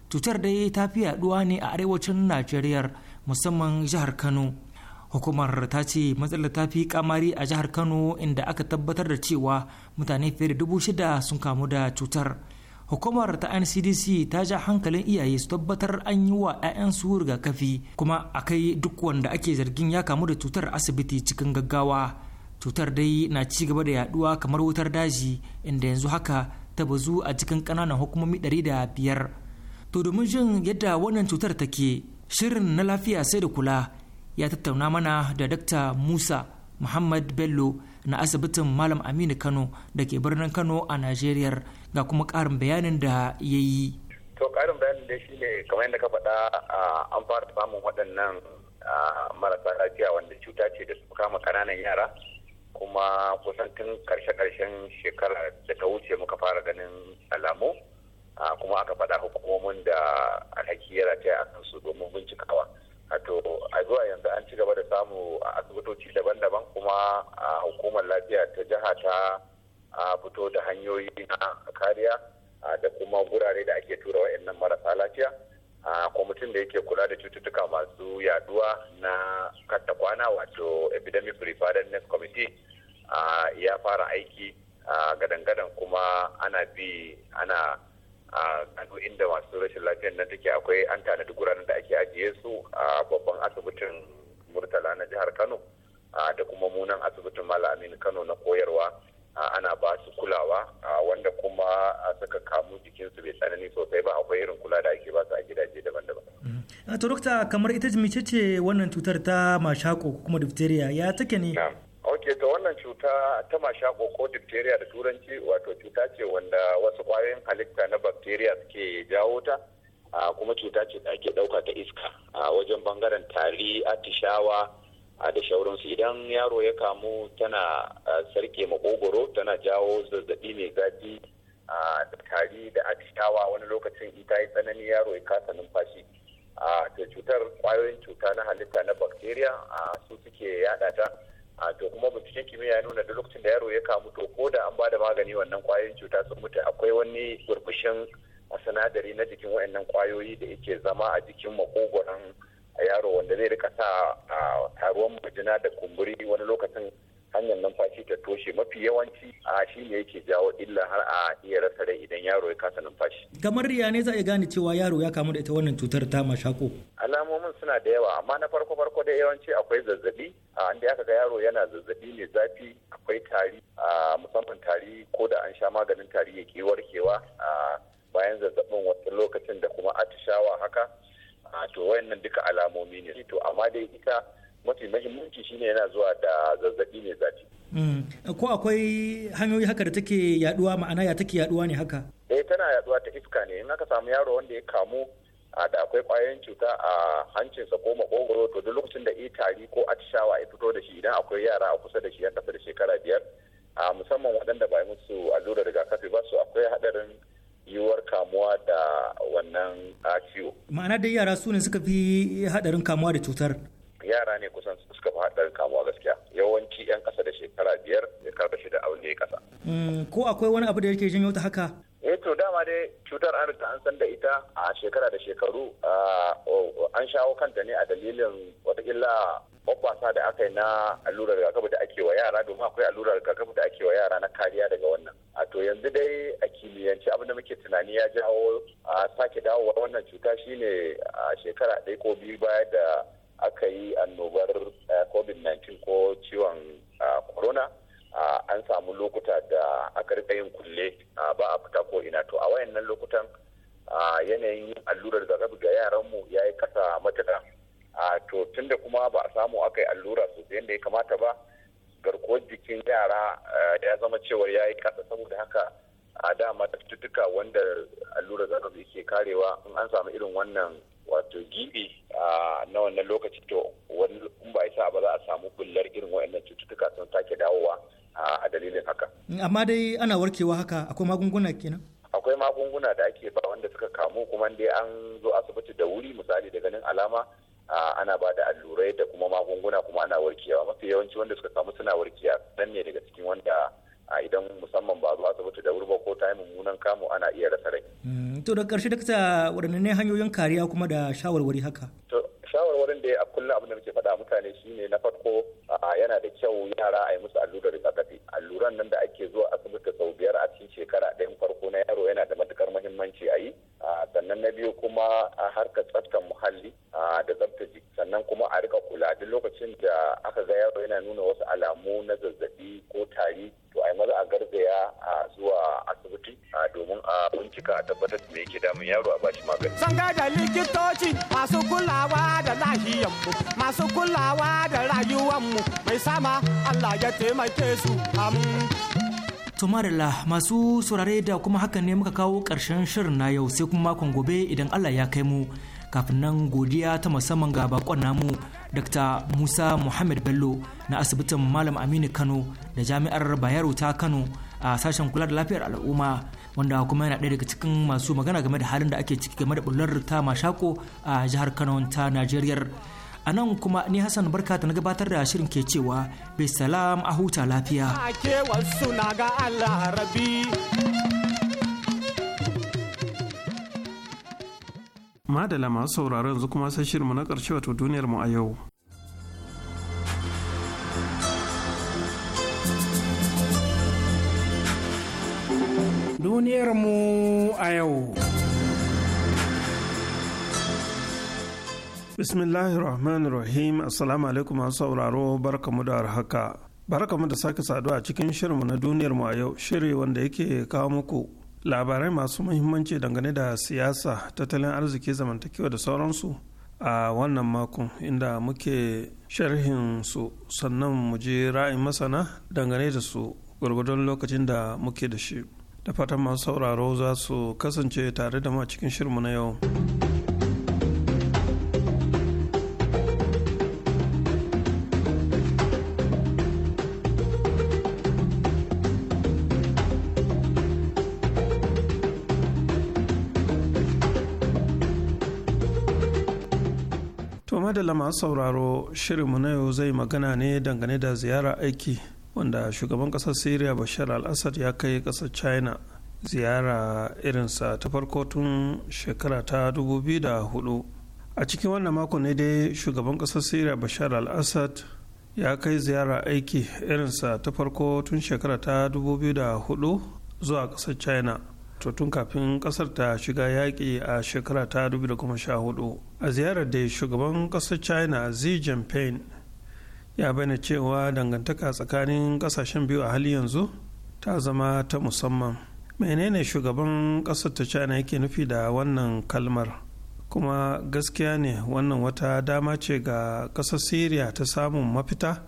cutar dai ta fi yaduwa ne a arewacin najeriya musamman jihar kano hukumar ta ce matsalar ta fi kamari a jihar kano inda aka tabbatar da cewa mutane fiye da dubu shida sun kamu da cutar hukumar ta ncdc ta ja hankalin iyaye su tabbatar an yi wa yayan 'ya'yansu rigakafi kuma a kai duk wanda ake zargin ya kamu da cutar asibiti cikin gaggawa cutar dai na ci gaba da yaduwa kamar wutar daji inda yanzu haka ta bazu a cikin kananan hukumomi ɗari da biyar to domin jin yadda wannan cutar take shirin na lafiya sai da kula ya tattauna mana da Dr. Musa Muhammad Bello na asibitin Malam Aminu Kano da ke birnin Kano a Najeriya ga kuma karin bayanin da ya yi. To ƙarin bayanin da shi ne kamar yadda ka faɗa an fara samun waɗannan marasa lafiya wanda cuta ce da suka kama ƙananan yara kuma kusan tun ƙarshe-ƙarshen shekara da ta wuce muka fara ganin alamu kuma aka faɗa hukumomin da alhaki ya rataya a su domin bincikawa. Wato a zuwa yanzu an ci gaba da samu a asibitoci daban-daban kuma a hukumar lafiya ta jiha ta fito da hanyoyi na kariya da kuma gurare da ake tura wa'annan marasa lafiya a kwamitin da yake kula da cututtuka masu yaduwa na katta kwana wato epidemic preparedness committee ya fara aiki gadan-gadan kuma ana bi ana a kano inda masu rashin lafiyar nan take akwai an tanadi guranin da ake ajiye su a babban asibitin murtala na jihar kano da kuma munan asibitin malam kano na koyarwa ana ba su kulawa wanda kuma suka kamu jikinsu bai tsanani sosai ba akwai irin kula da ake ba su a gidaje daban-daban. Mm-hmm. a dokta kamar ita mice ce wannan cutar ta mashako kuma difteriya ya take ne? ga eh, wannan cuta ta mashako ko diphtheria da turanci wato cuta ce wanda wasu kwayoyin halitta na bacteria suke jawo ta kuma cuta ce da ake ɗauka ta iska a wajen bangaren tari atishawa da shaurinsu idan yaro ya kamu tana sarke makogoro tana jawo zazzabi mai zafi da tari da atishawa wani lokacin ita yi tsanani yaro ya kasa numfashi a cutar kwayoyin cuta na halitta na bacteria su suke yada ta a to kuma binciken kimiyya ya nuna da lokacin da yaro ya kamu to ko da an bada magani wannan kwayoyin cuta sun mutu akwai wani burbushin sinadari na jikin wayannan kwayoyi da yake zama a jikin makogoron yaro wanda zai rika sa a ah, taruwan majina da kumburi wani lokacin hanyar numfashi ta toshe mafi yawanci a shi ne yake jawo illa har a iya rasa rai idan yaro ya kasa numfashi. Kamar riya ne za a gane cewa yaro ya kamu da ita wannan cutar ta mashako. Alamomin suna da yawa amma na farko farko da yawanci akwai zazzabi a inda aka ga yaro yana zazzabi mai zafi akwai tari a musamman tari ko da an sha maganin tari ya ke warkewa a bayan zazzabin wasu lokacin da kuma atishawa haka to wayannan duka alamomi ne to amma dai ita mafi mahimmanci shine yana zuwa da zazzabi ne zafi mm. ko akwai hanyoyi haka da take yaduwa ma'ana ya take yaduwa ne haka eh tana yaduwa ta iska ne in aka samu yaro wanda ya kamu da akwai kwayoyin cuta a hancinsa ko makogoro to duk lokacin da tari ko atishawa ya fito da shi idan akwai yara a kusa da shi yan kasa da shekara biyar a musamman waɗanda ba musu allurar rigakafi ba su akwai haɗarin yiwuwar kamuwa da wannan ciwo ma'ana dai yara su ne suka fi haɗarin kamuwa da cutar yara ne kusan suka fi haɗarin kamuwa gaskiya yawanci 'yan ƙasa da shekara biyar shekara shida a wanda ya ƙasa. Mm, ko akwai wani abu da yake janyo ta haka? eh to dama dai cutar an an san da ita a shekara da shekaru an shawo kanta ne a dalilin watakila hoɓɓasa da aka yi na allurar rigakafi da ake wa yara domin akwai allurar rigakafi da ake wa yara na kariya daga wannan a to yanzu dai a kimiyyance abin da muke tunani ya jawo a sake dawowa wannan cuta shine a shekara ɗaya ko biyu baya da aka yi annobar eh, covid-19 ko ciwon ah, corona ah, an samu lokuta da aka rika yin kulle ah, ba a fita ko ina to a wayannan lokutan yanayin yin allurar zazzabi ga yaranmu ya yi kasa matuka to tunda kuma ba a samu aka yi allura sosai yadda ya kamata ba garkuwar jikin yara ya zama cewar ya yi kasa saboda haka a dama cututtuka wanda allurar zazzabi ke karewa in an samu irin wannan wato gibi na wannan lokaci to wani ba isa ba za a samu bullar irin wa'annan cututtuka sun sake dawowa a dalilin haka. Amma dai ana warkewa haka akwai magunguna kenan? Akwai magunguna da ake ba wanda suka kamu kuma dai an zo asibiti da wuri misali da ganin alama ana ba da allurai da kuma magunguna kuma ana warkewa mafi yawanci wanda suka kamu suna warkewa dan ne daga cikin wanda a idan musamman ba zuwa asibiti da ba ko ta yi mummunan kamu ana iya rasa rai. Mm, to da ƙarshe dakta waɗanne hanyoyin kariya kuma da shawarwari haka. to shawarwarin da a kullum abin da muke faɗa mutane shine na farko yana da kyau yara a yi musu allurar rigakafi alluran nan da ake zuwa asibiti sau biyar a cikin shekara ɗayan farko na yaro yana da matukar muhimmanci a yi sannan na biyu kuma a harkar tsaftar muhalli da tsaftar sannan kuma a rika kula duk lokacin da aka ga yaro yana nuna wasu alamu na zazzabi ko garzaya a zuwa asibiti domin a bincika a tabbatar da me yake damun yaro a bashi magani. Zan da likitoci masu kulawa da lahiyanmu masu kulawa da rayuwanmu mai sama Allah ya taimake su Tumarila masu saurare da kuma hakan ne muka kawo karshen shirin na yau sai kuma makon gobe idan Allah ya kai mu kafin nan godiya ta musamman ga bakon namu dr musa muhammad bello na asibitin malam aminu kano da jami'ar bayero ta kano a sashen kula da lafiyar al'umma wanda kuma yana ɗaya daga cikin masu magana game da halin da ake ciki game da bullar ta mashako a jihar kano ta najeriya a nan kuma ni hassan barka ta na gabatar da shirin ke cewa bai salam a huta lafiya ga madala masu sauraron yanzu kuma sai shirinmu na ƙarshe wato duniyar mu a yau duniyar mu a yau rahim assalamu alaikum masu sauraro barkamu da haka barkamu da sake saduwa cikin shirinmu na duniyar mu a yau shiri wanda yake kawo muku labarai masu muhimmanci dangane da siyasa tattalin arziki zamantakewa da sauransu a wannan makon inda muke sharhin su sannan mu je ra'ayin masana dangane da su gwargwadon lokacin da muke da shi da fatan masu sauraro za su kasance tare da mu a cikin shirmu na yau. To da masu sauraro shirinmu na yau zai magana ne dangane da ziyara aiki wanda shugaban kasar Syria Bashar al-Assad ya kai kasar China ziyara irinsa ta farko tun shekara ta 2004. A cikin wannan mako ne dai shugaban kasar Syria Bashar al-Assad ya kai ziyara aiki irinsa ta farko tun shekara ta 2004 zuwa kasar China. to tun kafin kasar ta shiga yaƙi a shekara ta 2014 a ziyarar da shugaban ƙasar china xi jinping ya bayyana cewa dangantaka tsakanin ƙasashen biyu a hali yanzu ta zama ta musamman menene shugaban ƙasar ta china yake nufi da wannan kalmar kuma gaskiya ne wannan wata dama ce ga ƙasar syria ta samun mafita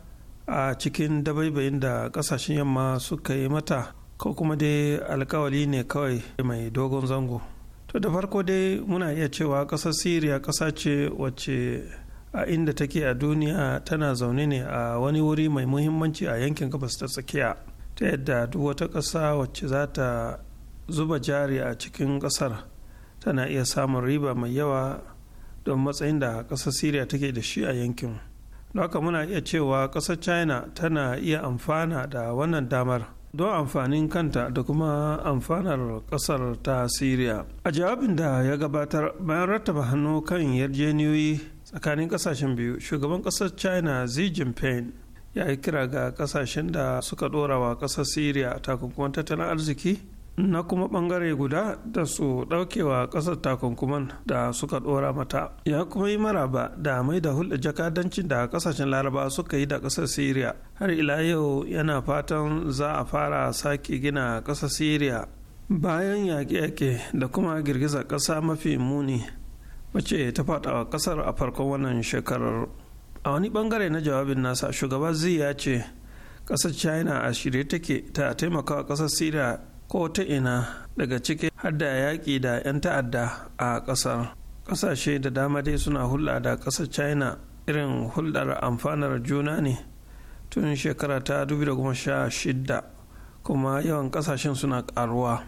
a cikin dabaibayin da ƙasashen yamma suka yi mata ko kuma dai alkawali ne kawai mai dogon zango to da farko dai muna iya cewa ƙasar siriya ƙasa ce wacce a inda take a duniya tana zaune ne a wani wuri mai muhimmanci a yankin gabas ta tsakiya ta yadda duk wata ƙasa wacce za ta zuba jari a cikin ƙasar tana iya samun riba mai yawa don matsayin da ƙasar siriya take da shi a yankin haka muna iya cewa ƙasar china tana iya amfana da wannan damar don amfanin kanta da kuma amfanar kasar ta syria a jawabin da ya gabatar bayan rattaba hannu kan yarjeniyoyi tsakanin kasashen biyu shugaban kasar china xi jinping ya yi kira ga kasashen da suka dora wa kasar syria takunkuman tattalin arziki na kuma bangare guda da su daukewa kasar takunkuman da suka dora mata ya kuma yi maraba da mai da hulɗa jakadancin da kasashen laraba suka yi da kasar syria har ila yau yana fatan za a fara sake gina kasar syria bayan yaƙe-yaƙe da kuma girgiza ƙasa mafi muni wacce ta faɗawa ƙasar a farkon wannan shekarar a wani bangare na jawabin nasa shugaba zai ya ce ƙasar china a shirye take ta taimaka ƙasar syria ko ta ina daga ciki har da yaƙi da 'yan ta'adda a ƙasar ƙasashe da dama dai suna hulɗa da ƙasar china irin hulɗar amfanar juna ne tun shekara ta 2016 kuma yawan ƙasashen suna ƙaruwa.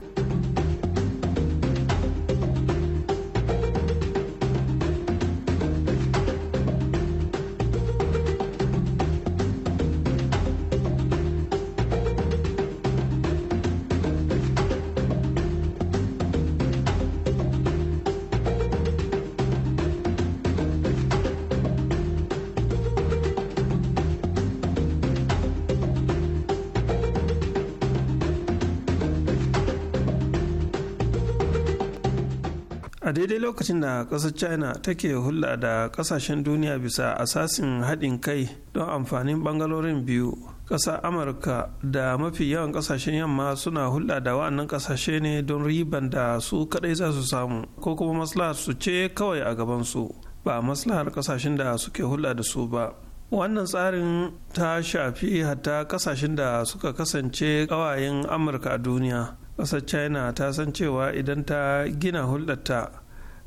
daidai lokacin da ƙasar china take hulɗa da ƙasashen duniya bisa asasin haɗin kai don amfanin ɓangarorin biyu ƙasa amurka da mafi yawan ƙasashen yamma suna hulɗa da wa'annan ƙasashe ne don riban da su kaɗai za su samu ko kuma maslahar su ce kawai a gaban su ba maslahar ƙasashen da suke hulɗa da su ba wannan tsarin ta shafi hatta ƙasashen da suka kasance ƙawayen amurka a duniya ƙasar china ta san cewa idan ta gina hulɗarta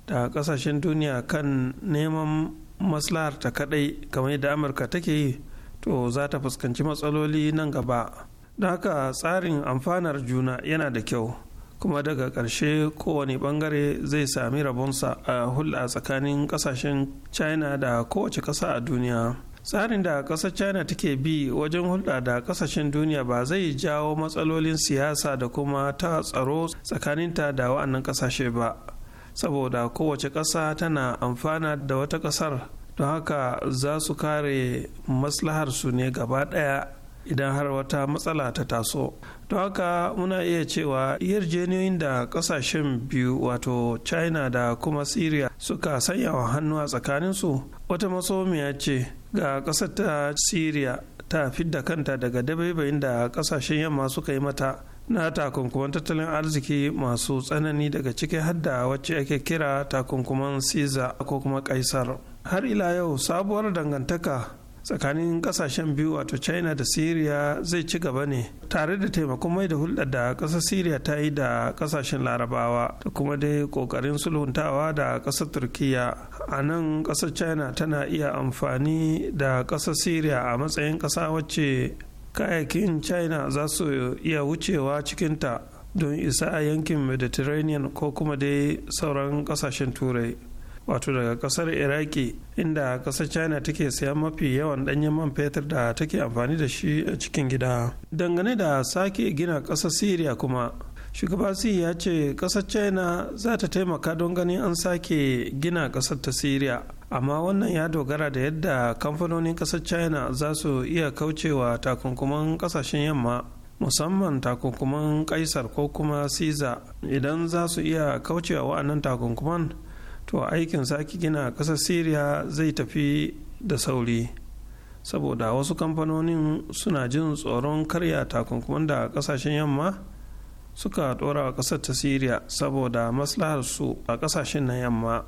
da kasashen duniya kan neman maslahar ta kadai kamar yadda amurka take yi to za ta fuskanci matsaloli nan gaba da haka tsarin amfanar juna yana da kyau kuma daga ƙarshe kowane bangare zai sami rabonsa a hulɗa tsakanin ƙasashen china da kowace ƙasa a duniya tsarin da ƙasar china take bi wajen hulɗa da ƙasashen duniya ba zai jawo matsalolin siyasa da kuma ta tsaro tsakaninta da wa'annan ƙasashe ba saboda kowace ƙasa tana amfana da wata ƙasar don haka za su kare maslaharsu ne gaba ɗaya idan har wata matsala ta taso don haka muna iya cewa yarjejeniyoyin da ƙasashen biyu wato china da kuma syria suka sanya wa hannu a tsakaninsu wata masomiya ce ga ƙasar ta syria ta fidda kanta daga dabaibayin da ƙasashen yamma suka yi mata na takunkuman tattalin arziki masu tsanani daga cikin hadda wacce ake kira takunkuman siza ko kuma kaisar har ila yau sabuwar dangantaka tsakanin kasashen biyu wato china da syria zai ci gaba ne tare da taimakon mai da hulɗar da ƙasar syria ta yi da ƙasashen larabawa da kuma dai ƙoƙarin sulhuntawa da ƙasar turkiya a nan ƙasar china tana iya amfani da ƙasar syria a matsayin ƙasa wacce kayakin china za su iya wucewa cikinta don isa a yankin mediterranean ko kuma dai sauran kasashen turai wato daga kasar iraki inda kasar china take sayan mafi yawan danyen man fetur da take amfani da shi a cikin gida dangane da sake gina kasar syria kuma shugaba si ya ce kasar china za ta taimaka don ganin an sake gina kasar ta syria amma wannan ya dogara da yadda kamfanonin kasar china za su iya kaucewa takunkuman kasashen yamma musamman takunkuman kaisar ko kuma caesar idan za su iya kaucewa wa'annan takunkuman to aikin sake gina kasar syria zai tafi da sauri saboda wasu kamfanonin suna jin tsoron karya takunkuman da kasashen yamma suka ɗora wa ƙasar ta syria saboda su a kasashen na yamma.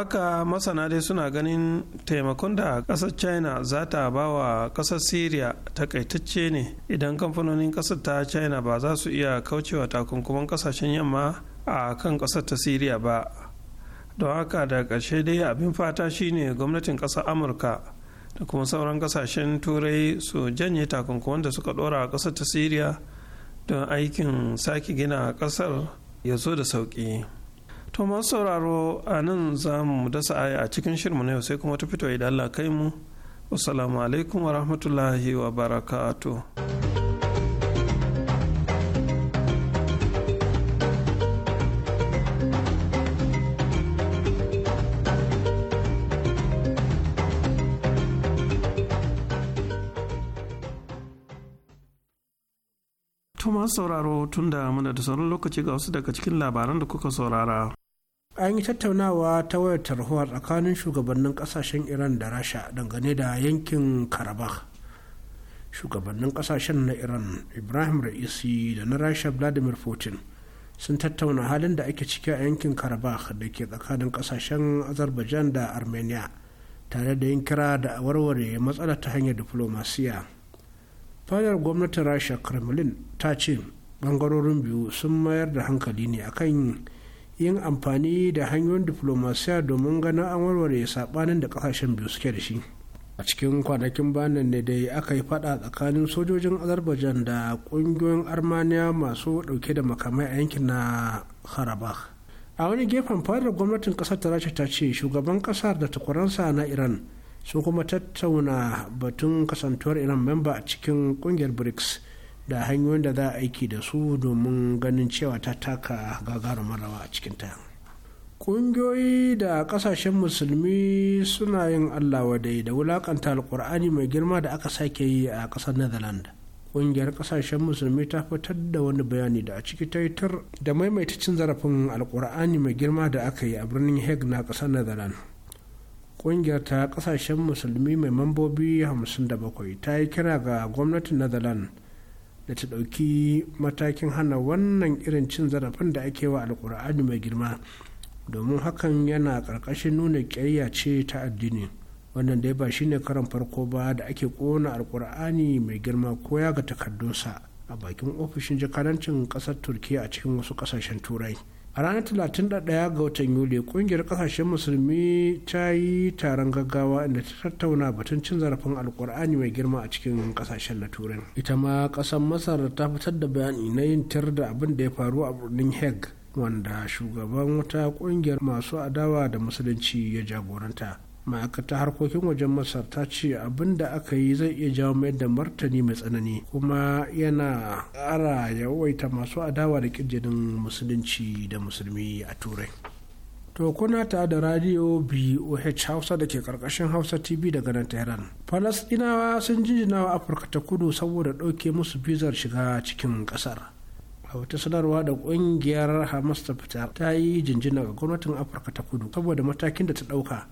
haka masana dai suna ganin taimakon da ƙasar china za ta ba wa ƙasar syria takaitacce ne idan kamfanonin ƙasar ta china ba za su iya kaucewa takunkuman ƙasashen yamma a kan ƙasar ta syria ba don haka da ƙarshe dai abin fata shine gwamnatin ƙasar amurka da kuma sauran ƙasashen turai su janye takunkuman da suka ɗora a ƙasar ta syria don aikin sake gina ƙasar ya zo da sauƙi. to masu sauraro a nan za mu dasa aya a cikin shirmu na yau sai kuma ta fito idan Allah kai mu assalamu alaikum wa rahmatullahi wa barakatuh masu sauraro tun da muna da sauran lokaci ga wasu daga cikin labaran da kuka saurara. An yi tattaunawa ta wayar tarhuwa tsakanin shugabannin kasashen Iran da Rasha dangane da yankin Karabakh. Shugabannin kasashen na Iran Ibrahim Ra'isi da na Rasha Vladimir Putin sun tattauna halin da ake ciki a yankin Karabakh da ke tsakanin kasashen Azerbaijan da Armenia tare da yin kira da warware matsala ta hanyar diflomasiya. fadar gwamnatin rasha kremlin ta ce bangarorin biyu sun mayar da hankali ne akan yin amfani da hanyoyin diflomasiya domin ganin an warware sabanin da kasashen biyu suke da shi a cikin kwanakin banan ne dai aka yi fada tsakanin sojojin azerbaijan da kungiyoyin armenia masu dauke da makamai a yankin na karabakh a wani gefen fadar gwamnatin kasar ta rasha ta ce shugaban kasar da takwaransa na iran su kuma tattauna batun kasantuwar iran memba a cikin kungiyar brics da hanyoyin da za a aiki da su domin ganin cewa ta taka gagarumar rawa a cikin ta kungiyoyi da ƙasashen musulmi suna yin allah wadai da wulakanta alkur'ani mai girma da aka sake yi a ƙasar netherlands ƙungiyar ƙasashen musulmi ta fitar da wani bayani da a ciki ta tur da maimaita cin zarafin alkur'ani mai girma da aka yi a birnin hague na ƙasar netherland kungiyar ta kasashen musulmi mai mambobi 57 ta yi kira ga gwamnatin netherlands da ta ɗauki matakin hana wannan irin cin zarafin da ake wa alkur'ani mai girma domin hakan yana ƙarƙashin nuna ƙyayya ce ta addini wannan dai ba shine karan farko ba da ake ƙona alkur'ani mai girma ko ya ga takardunsa a bakin ofishin jakarancin ƙasar turkiya a cikin wasu ƙasashen turai a ranar 31 ga watan yuli kungiyar kasashen musulmi ta yi taron gaggawa inda ta tattauna batun cin zarafin alkur'ani mai girma a cikin kasashen na turai ita ma kasan masar ta fitar da bayani na yin tir da abin da ya faru a birnin hague wanda shugaban wata kungiyar masu adawa da musulunci ya jagoranta ma'aikata harkokin wajen masar ta ce abin da aka yi zai iya jawo mai da martani mai tsanani kuma yana ƙara yawaita masu adawa da kirjinin musulunci da musulmi a turai to kuna ta da radio boh hausa da ke karkashin hausa tv daga nan tehran falasɗinawa sun jinjina wa afirka ta kudu saboda ɗauke musu bizar shiga cikin ƙasar a wata sanarwa da ƙungiyar hamas ta fita ta yi jinjina ga gwamnatin afirka ta kudu saboda matakin da ta ɗauka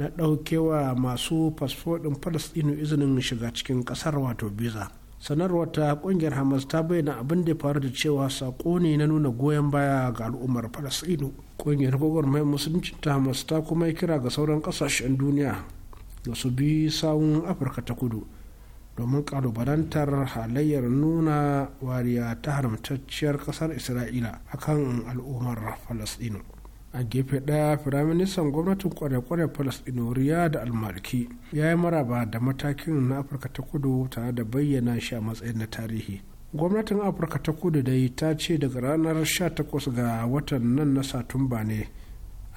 na ɗaukewa masu fasfo ɗin izinin shiga cikin ƙasar wato biza sanarwar ta ƙungiyar hamas ta bayyana abin da ya faru da cewa sako ne na nuna goyon baya ga al'ummar falastinu ƙungiyar mai musulunci ta hamas ta kuma yi kira ga sauran ƙasashen duniya da su bi sawun afirka ta kudu domin kalubalantar halayyar nuna wariya ta haramtacciyar ƙasar isra'ila akan al'ummar palestino a gefe ɗaya firaministan gwamnatin kware-kware palestino da almarki ya yi maraba da matakin na afirka ta kudu tare da bayyana shi a matsayin na tarihi gwamnatin afirka ta kudu dai ta ce daga ranar 18 ga watan nan na satumba ne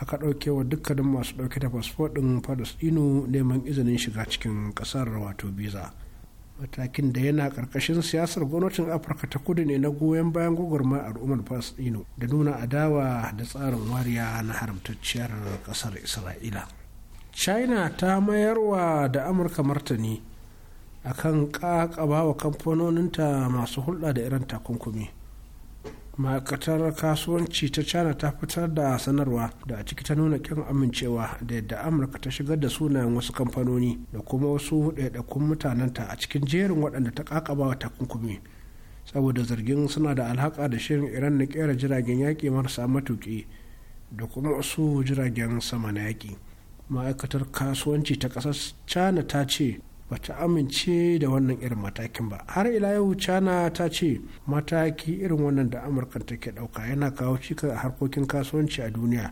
aka ɗauke wa dukkanin masu ɗauke da fasfo ɗin palestino neman izinin shiga cikin ƙasar wato biza matakin da yana ƙarƙashin siyasar gwamnatin afirka ta kudu ne na goyon bayan gwagwarma al'ummar falasɗino da nuna adawa da tsarin wariya na haramtacciyar ƙasar isra'ila china ta mayarwa da amurka martani akan ƙaƙaba wa kamfanoninta masu hulɗa da irin takunkumi ma'aikatar kasuwanci ta china ta fitar da sanarwa da a ciki ta nuna kin amincewa da yadda amurka ta shigar da sunayen wasu kamfanoni da kuma wasu ɗaiɗaikun mutanenta a cikin jerin waɗanda ta kakaba wa takunkumi saboda zargin suna da alhaka da shirin iran na kera jiragen yaƙi marasa matuƙi da kuma wasu jiragen sama na yaƙi ma'aikatar kasuwanci ta ƙasar china ta ce ba ta amince da wannan irin matakin ba har ila yau china ta ce mataki irin wannan da amurka ke ɗauka yana kawo cika a harkokin kasuwanci a duniya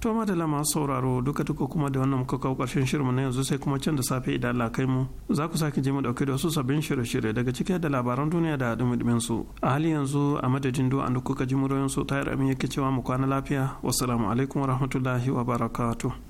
to madala masu sauraro duka duka kuma da wannan muka kawo ƙarshen shirin na yanzu sai kuma can da safe idan Allah kai mu za ku sake je mu dauke da wasu sabbin shirye-shirye daga cike da labaran duniya da dumudumin su a halin yanzu a madadin do an kuka ji muryoyin su tayar amin yake cewa mu kwana lafiya wassalamu alaikum warahmatullahi wabarakatuh